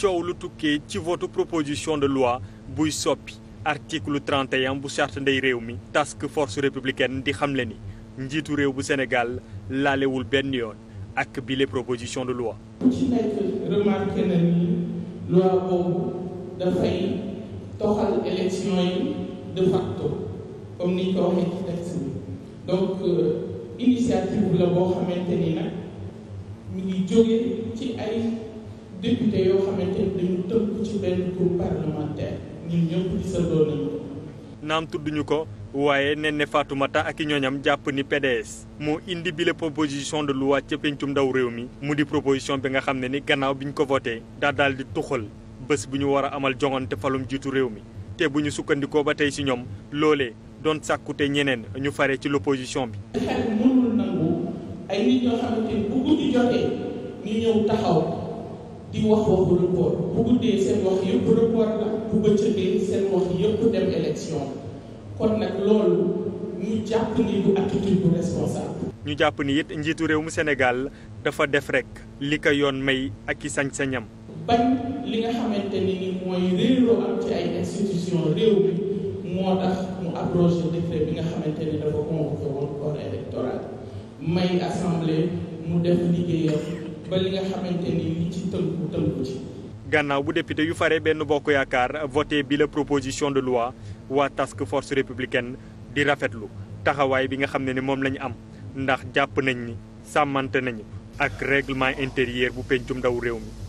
coow lu tukkee ci de loi buy soppi article 31 bu charte ndey réew mi task force républicaine di xamle ni njiitu réew bu Sénégal laalewul benn yoon ak bile de loi. comme ni ko waxee ci texte donc euh, initiative la boo xamante ni nag mu ngi jóge ci ay. député yoo xamante ni dañu tënk ci benn groupe parlementaire ñun ñëpp di sa doon ko. naam tudduñu ko waaye Néné Fatoumata ak i ñooñam jàpp ni PDS moo indi bile proposition de loi ca pencum ndaw réew mi mu di proposition bi nga xam ne ni gannaaw bi ñu ko voté daa daal di tuxal bés bu ñu war a amal joŋante falum jiitu réew mi te bu ñu sukkandikoo ba tey si ñoom loolee doon sàkkute ñeneen ñu fare ci l'opposition bi. xel mënul nangu ay nit ñoo xamante ni bu di wax waxu report bu guddee seen wax yëpp report la bu bëccëgee seen wax yëpp dem élection kon nag loolu ñu jàpp ni du attitude bu responsable. ñu jàpp ni it njiitu réew mu Sénégal dafa def rekk li ko yoon may ak i sañ-sañam. bañ li nga xamante ni ni mooy réeroo am ci ay institution réew bi moo tax mu abrogé décret bi nga xamante ni dafa convoqué woon corps électoral may assemblée mu def liggéeyam. ba gannaaw bu député yu fare benn bokk yaakaar voté bi la proposition de loi waa task force républicaine di rafetlu taxawaay bi nga xam ne ni moom la ñu am ndax jàpp nañ ni sàmmante nañu ak règlement intérieur bu pencum ndaw réew mi.